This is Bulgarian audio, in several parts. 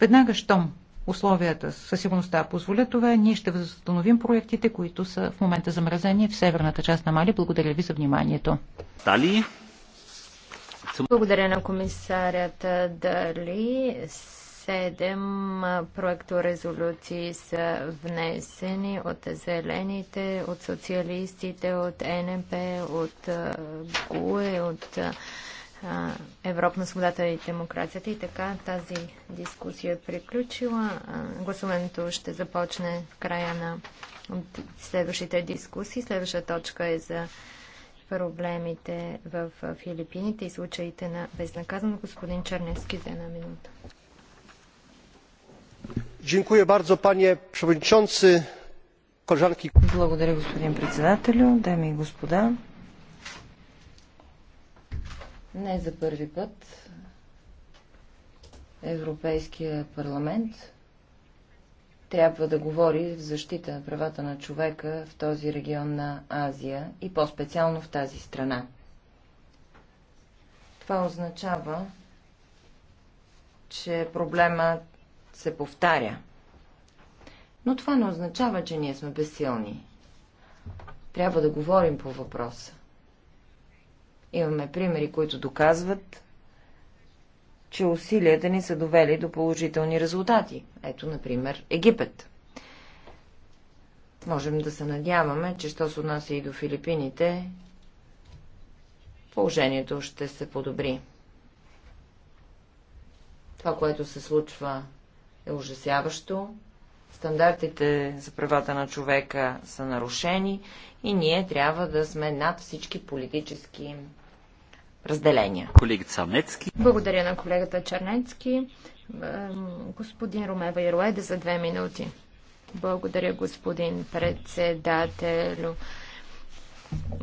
Веднага, щом условията със сигурността позволят това, ние ще възстановим проектите, които са в момента замразени в северната част на Мали. Благодаря ви за вниманието. Дали? Благодаря на комисарята Дали. Седем проекторезолюции са внесени от зелените, от социалистите, от НП, от ГУЕ, от Европа на свободата и демокрацията. И така тази дискусия е приключила. Гласуването ще започне в края на следващите дискусии. Следваща точка е за проблемите в Филипините и случаите на безнаказано. Господин Чернецки, за една минута. Благодаря, господин председателю, дами и господа. Не за първи път Европейския парламент трябва да говори в защита на правата на човека в този регион на Азия и по-специално в тази страна. Това означава, че проблема се повтаря. Но това не означава, че ние сме безсилни. Трябва да говорим по въпроса. Имаме примери, които доказват, че усилията ни са довели до положителни резултати. Ето, например, Египет. Можем да се надяваме, че що се отнася и до Филипините, положението ще се подобри. Това, което се случва, е ужасяващо, Стандартите за правата на човека са нарушени и ние трябва да сме над всички политически разделения. Благодаря на колегата Чернецки. Господин Ромева Ироеде за две минути. Благодаря, господин председател.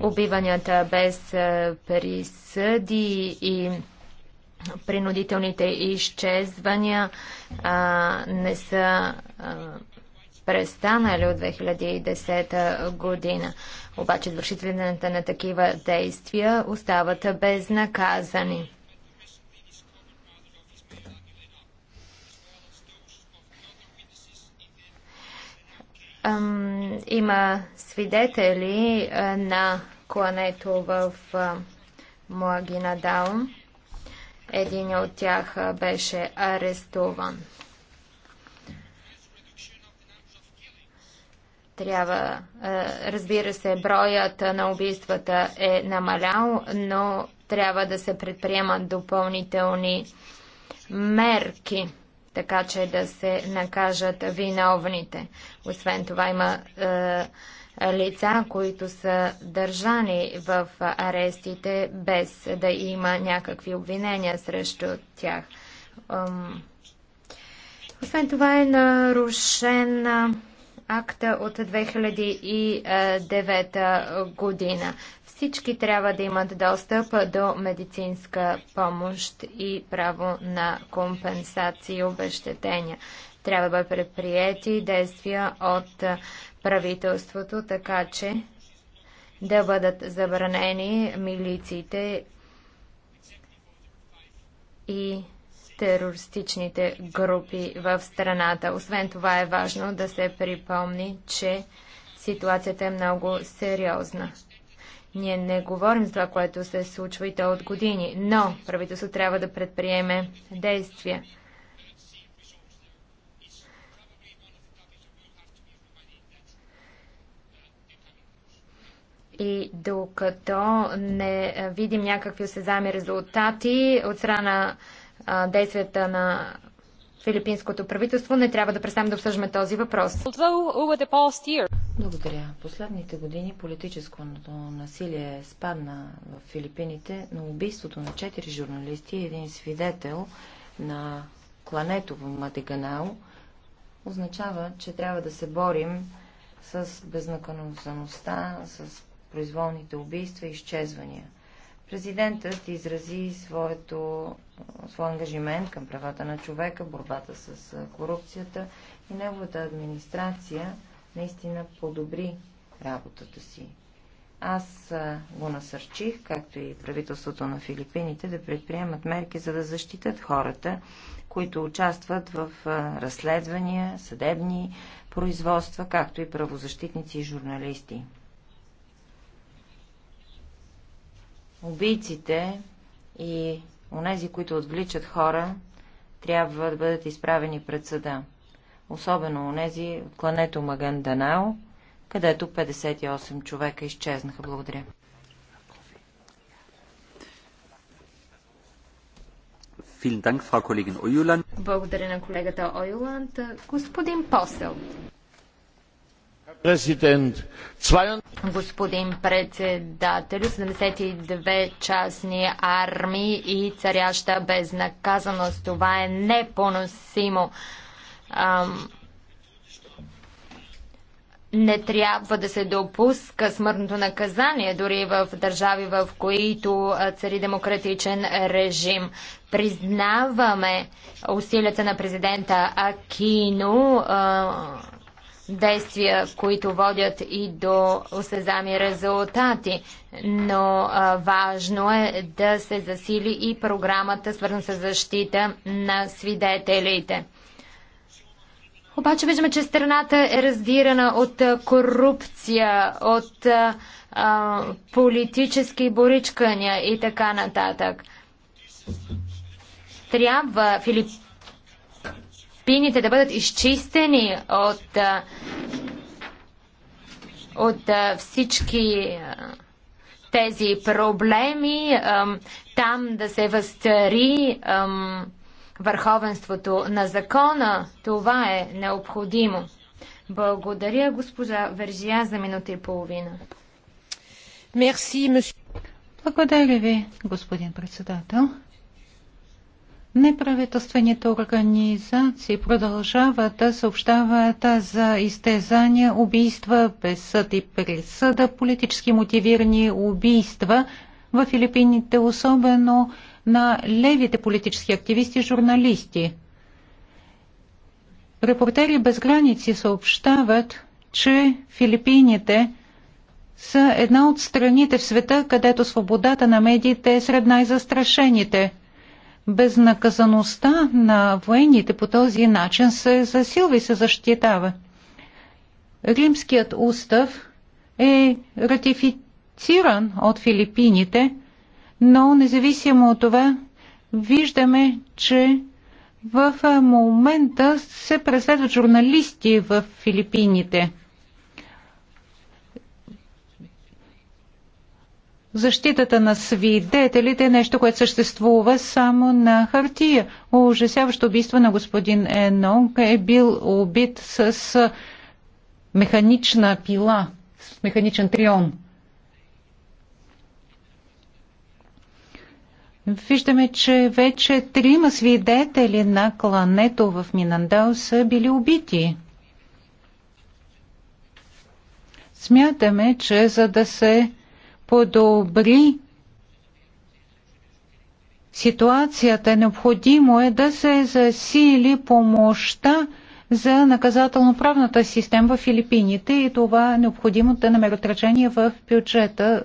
Убиванията без е, присъди и принудителните изчезвания а, не са а, престанали от 2010 година. Обаче извършителите на такива действия остават безнаказани. Има свидетели на клането в Муагина Даун. Един от тях беше арестуван. Трябва, разбира се, броят на убийствата е намалял, но трябва да се предприемат допълнителни мерки, така че да се накажат виновните. Освен това има е, лица, които са държани в арестите без да има някакви обвинения срещу тях. Освен това е нарушен акта от 2009 година. Всички трябва да имат достъп до медицинска помощ и право на компенсации и обещетения. Трябва да бъдат предприяти действия от правителството, така че да бъдат забранени милициите и терористичните групи в страната. Освен това е важно да се припомни, че ситуацията е много сериозна. Ние не говорим за това, което се случва и то от години, но правителството трябва да предприеме действия. И докато не видим някакви осезаеми резултати от страна на действията на филипинското правителство, не трябва да престанем да обсъждаме този въпрос. Благодаря. Последните години политическото насилие спадна в Филипините, но убийството на четири журналисти и един свидетел на клането в Мадеганао означава, че трябва да се борим с безнаказаността, с произволните убийства и изчезвания. Президентът изрази своето, своя ангажимент към правата на човека, борбата с корупцията и неговата администрация наистина подобри работата си. Аз го насърчих, както и правителството на Филипините, да предприемат мерки, за да защитат хората, които участват в разследвания, съдебни производства, както и правозащитници и журналисти. Убийците и онези, които отвличат хора, трябва да бъдат изправени пред съда. Особено онези от клането Маганданао, където 58 човека изчезнаха. Благодаря. Благодаря на колегата Ойланд. Господин Посел. Господин председател, 72 частни армии и царяща безнаказаност. Това е непоносимо. Ам... Не трябва да се допуска смъртното наказание, дори в държави, в които цари демократичен режим. Признаваме усилията на президента Акино действия, които водят и до осезами резултати. Но а, важно е да се засили и програмата, свързана с защита на свидетелите. Обаче виждаме, че страната е раздирана от корупция, от а, политически боричкания и така нататък. Трябва Филип, спините да бъдат изчистени от, от всички тези проблеми, там да се възцари върховенството на закона. Това е необходимо. Благодаря, госпожа Вержия, за минута и половина. Благодаря ви, господин председател. Неправителствените организации продължават да съобщават за изтезания, убийства без съд и присъда, политически мотивирани убийства в Филипините, особено на левите политически активисти и журналисти. Репортери без граници съобщават, че Филипините са една от страните в света, където свободата на медиите е сред най-застрашените – безнаказаността на военните по този начин се засилва и се защитава. Римският устав е ратифициран от Филипините, но независимо от това виждаме, че в момента се преследват журналисти в Филипините – защитата на свидетелите е нещо, което съществува само на хартия. Ужасяващо убийство на господин Енонг е бил убит с механична пила, с механичен трион. Виждаме, че вече трима свидетели на клането в Минандал са били убити. Смятаме, че за да се подобри ситуацията, необходимо е да се засили помощта за наказателно-правната система в Филипините и това е необходимо да намери отражение в бюджета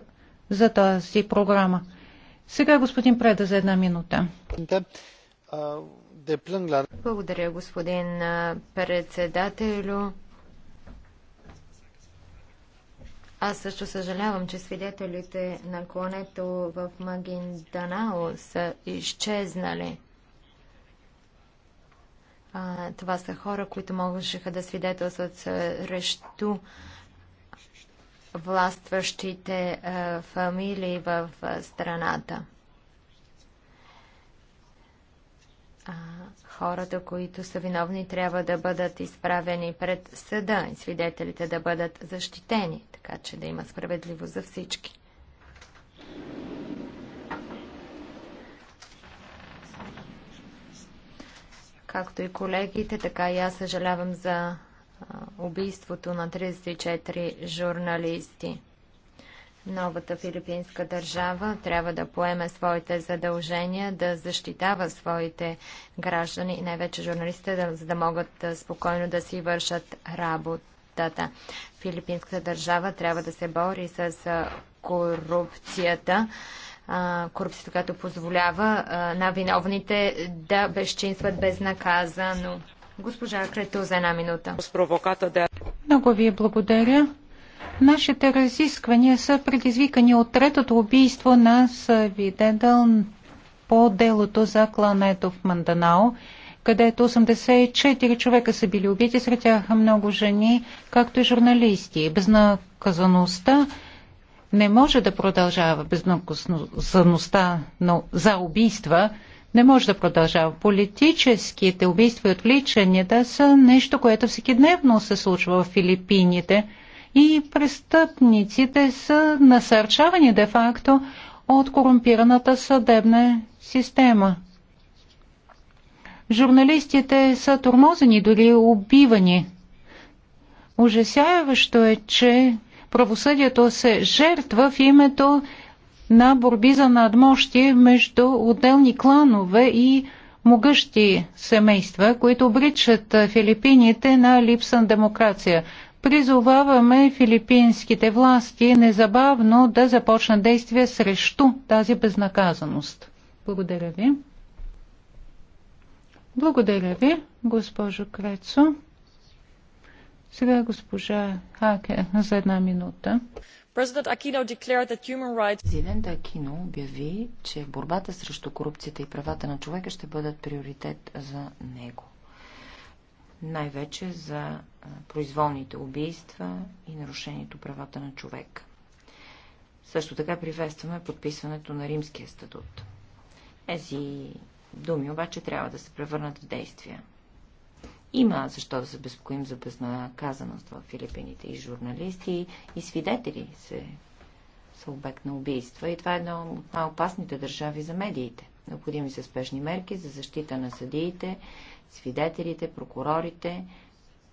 за тази програма. Сега господин Преда за една минута. Благодаря, господин председателю. Аз също съжалявам, че свидетелите на клането в Магинданао са изчезнали. А, това са хора, които можеха да свидетелстват срещу властващите а, фамилии в а, страната. а, хората, които са виновни, трябва да бъдат изправени пред съда и свидетелите да бъдат защитени, така че да има справедливост за всички. Както и колегите, така и аз съжалявам за убийството на 34 журналисти. Новата филипинска държава трябва да поеме своите задължения, да защитава своите граждани и най-вече журналистите, за да могат спокойно да си вършат работата. Филипинската държава трябва да се бори с корупцията корупцията, която позволява на виновните да безчинстват безнаказано. Госпожа Крето за една минута. Много ви благодаря. Нашите разисквания са предизвикани от третото убийство на свидетел по делото за клането в Манданао, където 84 човека са били убити, сред тях много жени, както и журналисти. Безнаказаността не може да продължава, безнаказаността за убийства не може да продължава. Политическите убийства и отвличанията са нещо, което всекидневно се случва в Филипините – и престъпниците са насърчавани де-факто от корумпираната съдебна система. Журналистите са тормозени, дори убивани. Ужасяващо е, че правосъдието се жертва в името на борби за надмощие между отделни кланове и могъщи семейства, които обричат Филипините на липса на демокрация. Призоваваме филипинските власти незабавно да започнат действия срещу тази безнаказаност. Благодаря ви. Благодаря ви, госпожо Крецо. Сега госпожа Хаке за една минута. Президент Акино Акино обяви, че борбата срещу корупцията и правата на човека ще бъдат приоритет за него най-вече за произволните убийства и нарушението правата на човек. Също така приветстваме подписването на Римския статут. Тези думи обаче трябва да се превърнат в действия. Има защо да се безпокоим за безнаказаност в Филипините и журналисти, и свидетели се, са обект на убийства. И това е една от най-опасните държави за медиите. Необходими са спешни мерки за защита на съдиите, свидетелите, прокурорите,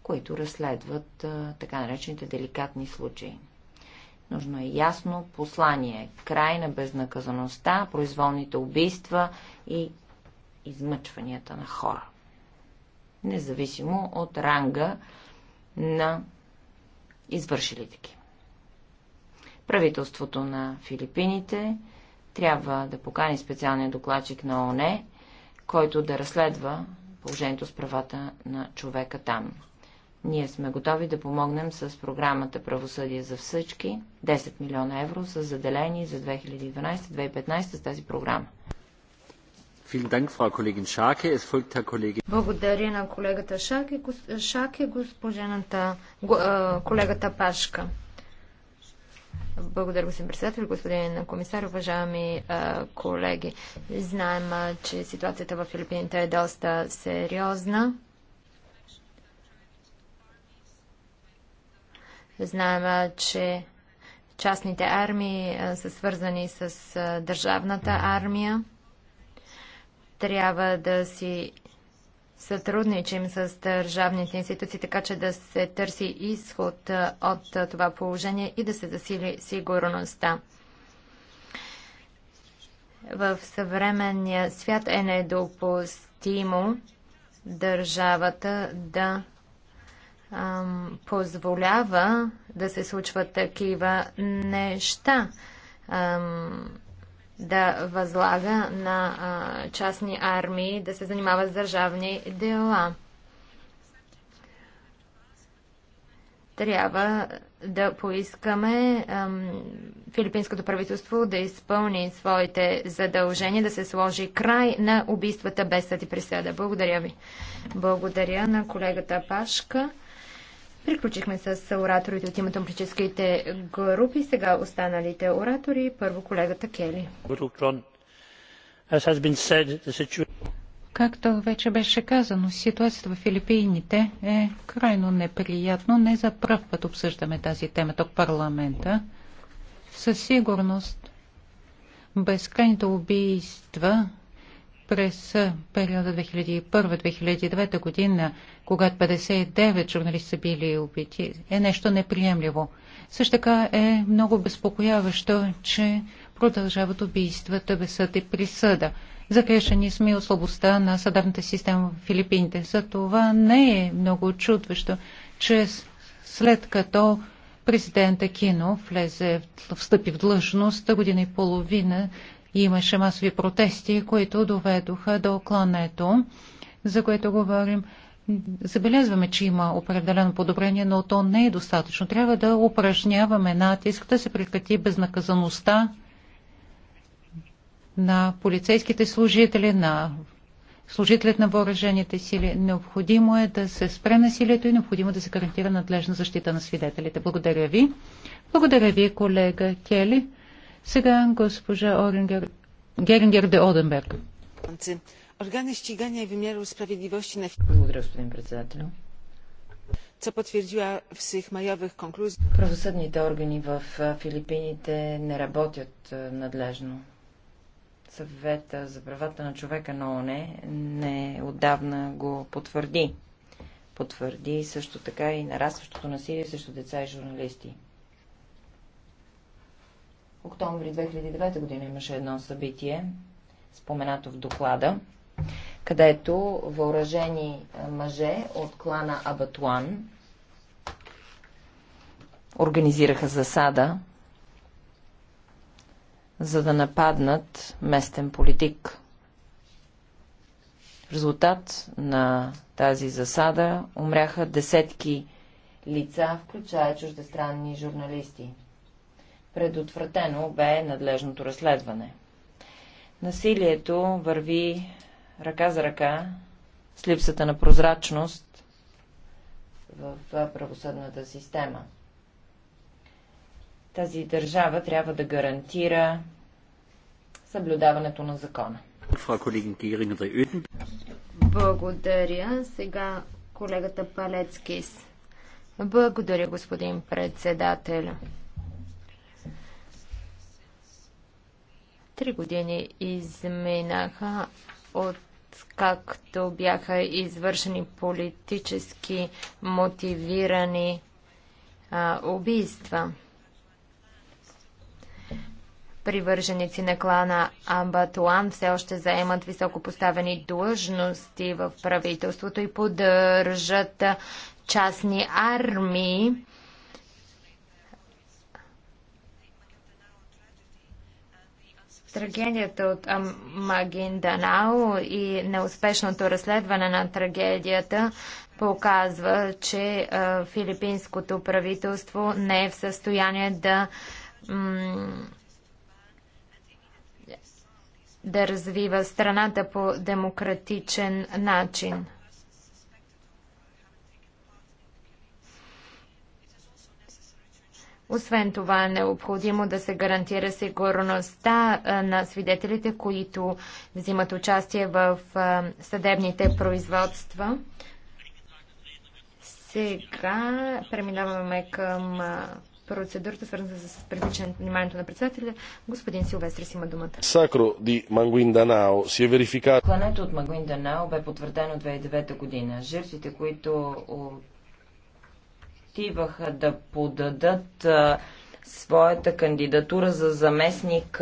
които разследват така наречените деликатни случаи. Нужно е ясно послание, край на безнаказаността, произволните убийства и измъчванията на хора. Независимо от ранга на извършилите ги. Правителството на Филипините трябва да покани специалния докладчик на ОНЕ, който да разследва положението с правата на човека там. Ние сме готови да помогнем с програмата Правосъдие за всички. 10 милиона евро са заделени за 2012-2015 с тази програма. Благодаря на колегата Шаке, госпожената, колегата Пашка. Благодаря, господин председател, господин комисар, уважаеми а, колеги. Знаем, а, че ситуацията в Филипините е доста сериозна. Знаем, а, че частните армии а, са свързани с а, държавната армия. Трябва да си сътрудничим с държавните институции, така че да се търси изход от това положение и да се засили сигурността. В съвременния свят е недопустимо държавата да ам, позволява да се случват такива неща. Ам, да възлага на а, частни армии да се занимават с държавни дела. Трябва да поискаме ам, филипинското правителство да изпълни своите задължения, да се сложи край на убийствата без съд и присъда. Благодаря ви. Благодаря на колегата Пашка. Приключихме с ораторите от името политическите групи. Сега останалите оратори. Първо колегата Кели. Както вече беше казано, ситуацията в Филипините е крайно неприятно. Не за пръв път обсъждаме тази тема тук парламента. Със сигурност безкрайните убийства през периода 2001-2009 година, когато 59 журналисти са били убити, е нещо неприемливо. Също така е много безпокояващо, че продължават убийствата без съд и присъда. Закрешени сме от слабостта на съдебната система в Филипините. За това не е много чудващо, че след като президента Кино влезе, встъпи в длъжност година и половина имаше масови протести, които доведоха до клането, за което говорим. Забелязваме, че има определено подобрение, но то не е достатъчно. Трябва да упражняваме натиск, да се прекрати безнаказаността на полицейските служители, на служителят на въоръжените сили. Необходимо е да се спре насилието и необходимо да се гарантира надлежна защита на свидетелите. Благодаря ви. Благодаря ви, колега Кели. Сега госпожа Орингер, Герингер де Оденберг. Органи ścigania i wymiaru sprawiedliwości na... Благодаря, господин председател. Co potwierdziła w swych majowych konkluzjach... Правосъдните органи в Филипините не работят надлежно. Съвета за правата на човека на ОНЕ не отдавна го потвърди. Потвърди също така и нарастващото насилие срещу деца и журналисти октомври 2009 година имаше едно събитие, споменато в доклада, където въоръжени мъже от клана Абатуан организираха засада, за да нападнат местен политик. В резултат на тази засада умряха десетки лица, включая чуждестранни журналисти предотвратено бе надлежното разследване. Насилието върви ръка за ръка с липсата на прозрачност в правосъдната система. Тази държава трябва да гарантира съблюдаването на закона. Благодаря. Сега колегата Палецкис. Благодаря, господин председател. Три години изминаха от както бяха извършени политически мотивирани а, убийства. Привърженици на клана Амбатуан все още заемат високо поставени длъжности в правителството и поддържат частни армии Трагедията от Магинданао и неуспешното разследване на трагедията показва, че филипинското правителство не е в състояние да да развива страната по демократичен начин. Освен това е необходимо да се гарантира сигурността на свидетелите, които взимат участие в съдебните производства. Сега преминаваме към процедурата, свързана с привличане вниманието на председателя. Господин Силвестри си има думата. Сакро ди Данао си е верификат. Клането от Данао бе потвърдено 2009 година. Жертвите, които отиваха да подадат своята кандидатура за заместник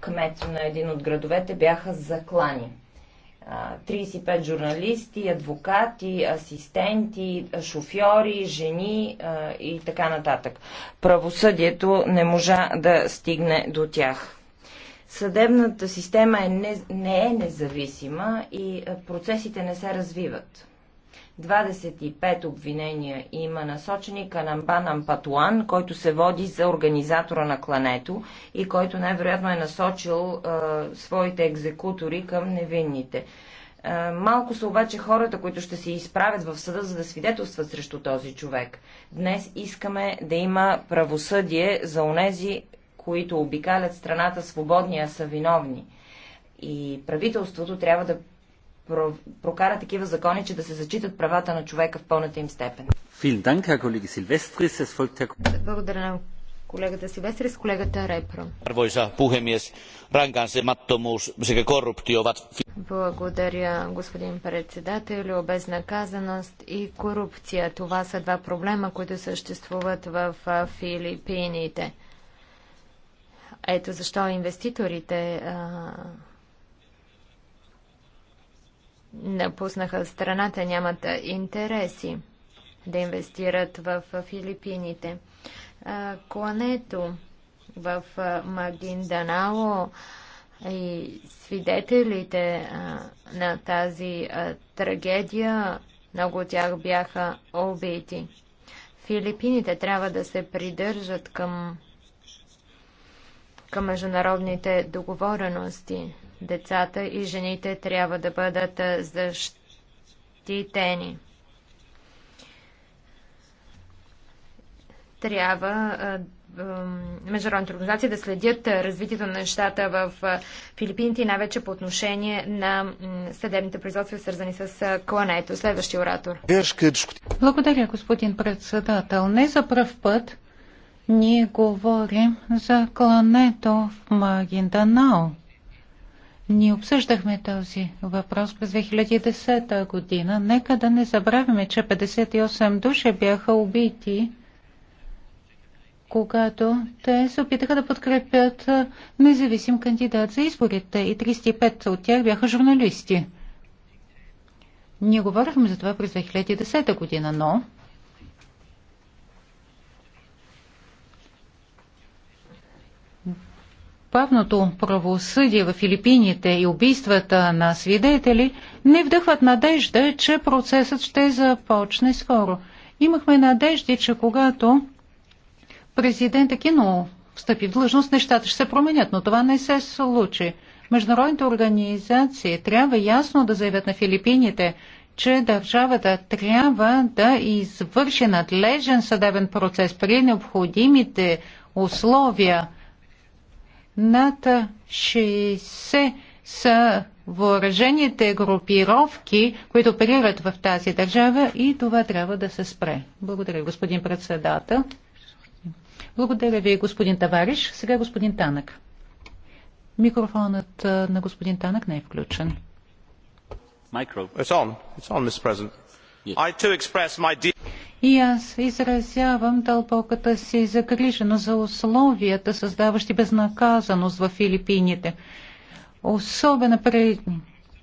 кмет на един от градовете, бяха заклани. 35 журналисти, адвокати, асистенти, шофьори, жени и така нататък. Правосъдието не можа да стигне до тях. Съдебната система е не, не е независима и процесите не се развиват. 25 обвинения има насочени към Амбан Патуан, който се води за организатора на клането и който най-вероятно е насочил е, своите екзекутори към невинните. Е, малко са обаче хората, които ще се изправят в съда, за да свидетелстват срещу този човек. Днес искаме да има правосъдие за онези, които обикалят страната свободния са виновни. И правителството трябва да прокара такива закони, че да се зачитат правата на човека в пълната им степен. Благодаря на колегата с колегата Репро. Arvoisa puhemies, sekä korruptio ovat... Благодаря, господин председател, Безнаказаност и корупция. Това са два проблема, които съществуват в Филипините. Ето защо инвеститорите а напуснаха страната, нямат интереси да инвестират в Филипините. Клането в Магинданао и свидетелите на тази трагедия, много от тях бяха убити. Филипините трябва да се придържат към, към международните договорености. Децата и жените трябва да бъдат защитени. Трябва международните организации да следят развитието на нещата в Филипините и най-вече по отношение на съдебните производства, свързани с клането. Следващия оратор. Е Благодаря, господин председател. Не за пръв път ние говорим за клането в Магинданао. Ние обсъждахме този въпрос през 2010 година. Нека да не забравяме, че 58 души бяха убити, когато те се опитаха да подкрепят независим кандидат за изборите и 35 от тях бяха журналисти. Ние говорихме за това през 2010 година, но Павното правосъдие в Филипините и убийствата на свидетели не вдъхват надежда, че процесът ще започне скоро. Имахме надежди, че когато президента Кино встъпи в длъжност, нещата ще се променят, но това не се случи. Международните организации трябва ясно да заявят на Филипините, че държавата трябва да извърши надлежен съдебен процес при необходимите условия – над 60 са въоръжените групировки, които оперират в тази държава и това трябва да се спре. Благодаря, господин председател. Благодаря ви, господин Тавариш. Сега господин Танък. Микрофонът на господин Танък не е включен. It's on. It's on, и аз изразявам дълбоката си загриженост за условията, създаващи безнаказаност в Филипините. Особена пред...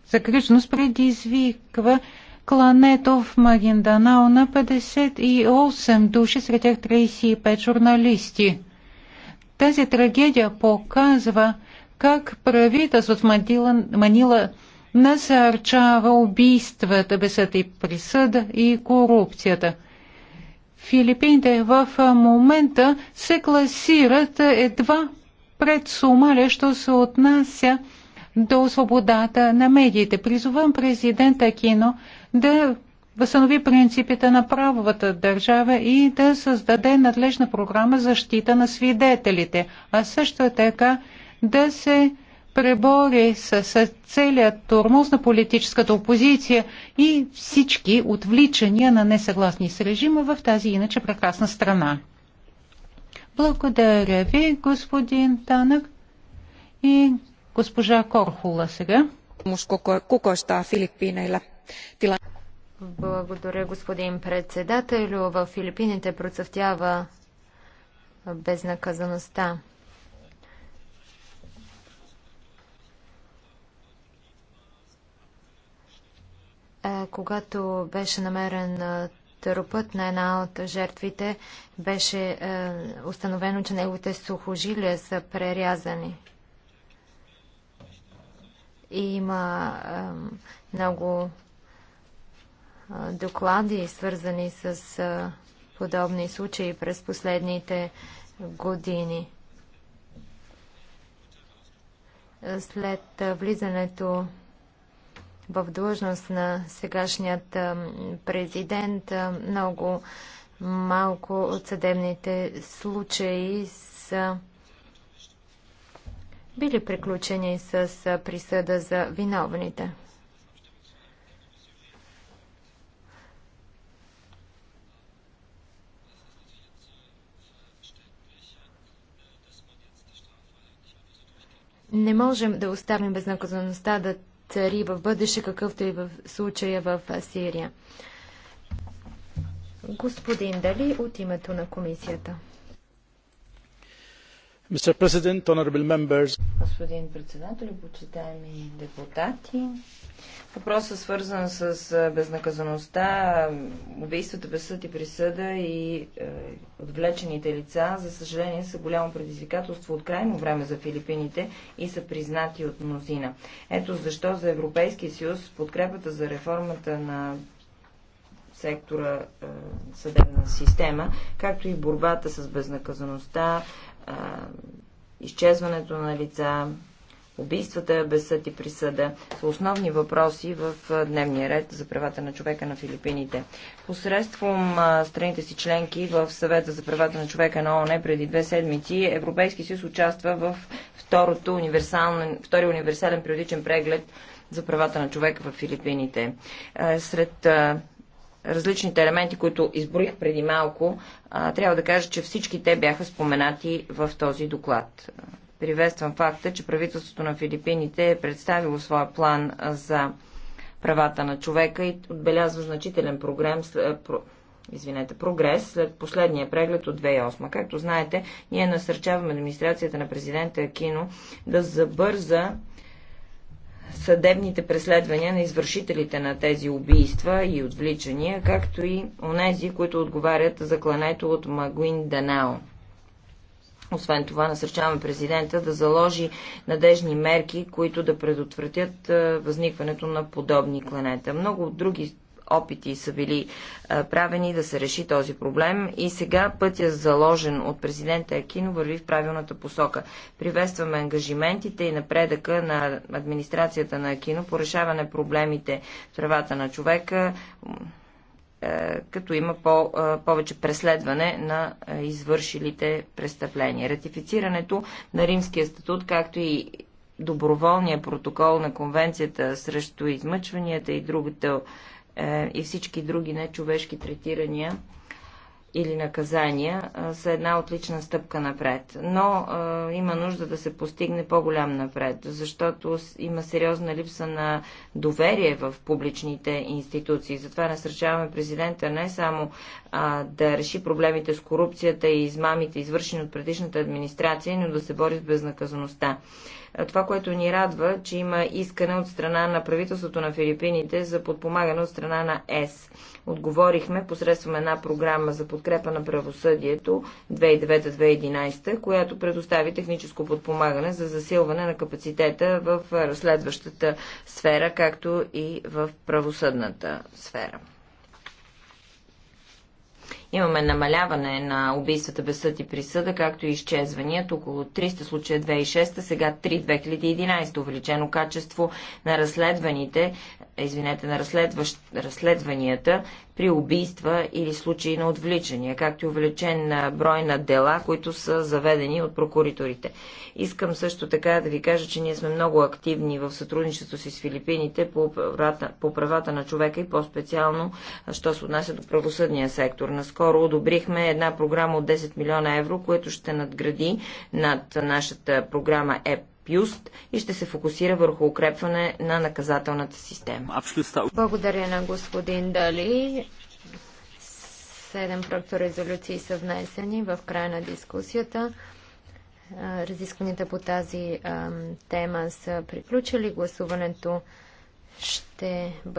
загриженост предизвиква клането в Магинданао на 58 души, сред тях 35 журналисти. Тази трагедия показва как правителството в Манила, Манила насърчава убийствата без и присъда и корупцията. Филипините в момента се класират едва пред Сомалия, що се отнася до свободата на медиите. Призовам президента Кино да възстанови принципите на правовата държава и да създаде надлежна програма защита на свидетелите, а също така да се пребори с, с целият тормоз на политическата опозиция и всички отвличания на несъгласни с режима в тази иначе прекрасна страна. Благодаря ви, господин Танък и госпожа Корхула сега. Благодаря, господин председател. В Филипините процъфтява безнаказаността. когато беше намерен търпът на една от жертвите, беше установено, че неговите сухожилия са прерязани. И има много доклади, свързани с подобни случаи през последните години. След влизането в длъжност на сегашният президент. Много малко от съдебните случаи са били приключени с присъда за виновните. Не можем да оставим безнаказаността да цари в бъдеще, какъвто и в случая в Сирия. Господин Дали от името на комисията. Господин председател, почитаеми депутати, въпросът е свързан с безнаказаността, убийствата без съд и присъда и е, отвлечените лица, за съжаление, са голямо предизвикателство от крайно време за Филипините и са признати от мнозина. Ето защо за Европейския съюз подкрепата за реформата на сектора е, съдебна система, както и борбата с безнаказаността, изчезването на лица, убийствата без съд и присъда са основни въпроси в дневния ред за правата на човека на Филипините. Посредством страните си членки в съвета за правата на човека на ООН преди две седмици Европейски съюз участва в второто универсален, втори универсален периодичен преглед за правата на човека в Филипините. Сред различните елементи, които изброих преди малко, трябва да кажа, че всички те бяха споменати в този доклад. Приветствам факта, че правителството на Филипините е представило своя план за правата на човека и отбелязва значителен програм, извинете, прогрес след последния преглед от 2008. Както знаете, ние насърчаваме администрацията на президента Акино да забърза съдебните преследвания на извършителите на тези убийства и отвличания, както и онези, които отговарят за клането от Магуин Данао. Освен това, насърчаваме президента да заложи надежни мерки, които да предотвратят възникването на подобни кланета. Много други опити са били правени да се реши този проблем и сега пътя заложен от президента Акино върви в правилната посока. Приветстваме ангажиментите и напредъка на администрацията на Акино по решаване проблемите в правата на човека, е, като има по, повече преследване на извършилите престъпления. Ратифицирането на Римския статут, както и доброволния протокол на Конвенцията срещу измъчванията и другата е, и всички други нечовешки третирания или наказания е, са една отлична стъпка напред. Но а, е, има нужда да се постигне по-голям напред, защото има сериозна липса на доверие в публичните институции. Затова насърчаваме президента не само а, да реши проблемите с корупцията и измамите, извършени от предишната администрация, но да се бори с безнаказаността. Това, което ни радва, че има искане от страна на правителството на Филипините за подпомагане от страна на ЕС. Отговорихме посредством една програма за подкрепа на правосъдието 2009-2011, която предостави техническо подпомагане за засилване на капацитета в разследващата сфера, както и в правосъдната сфера. Имаме намаляване на убийствата без съд и присъда, както и изчезваният. Около 300 случая 2006, сега 3 2011. Увеличено качество на разследваните извинете, на разследванията при убийства или случаи на отвличания, както и увеличен брой на дела, които са заведени от прокуриторите. Искам също така да ви кажа, че ние сме много активни в сътрудничество си с Филипините по правата, по правата на човека и по-специално, що се отнася до правосъдния сектор. Наскоро одобрихме една програма от 10 милиона евро, което ще надгради над нашата програма ЕП ПЮСТ и ще се фокусира върху укрепване на наказателната система. Благодаря на господин Дали. Седем резолюции са внесени в края на дискусията. Разискванията по тази тема са приключили. Гласуването ще бъде.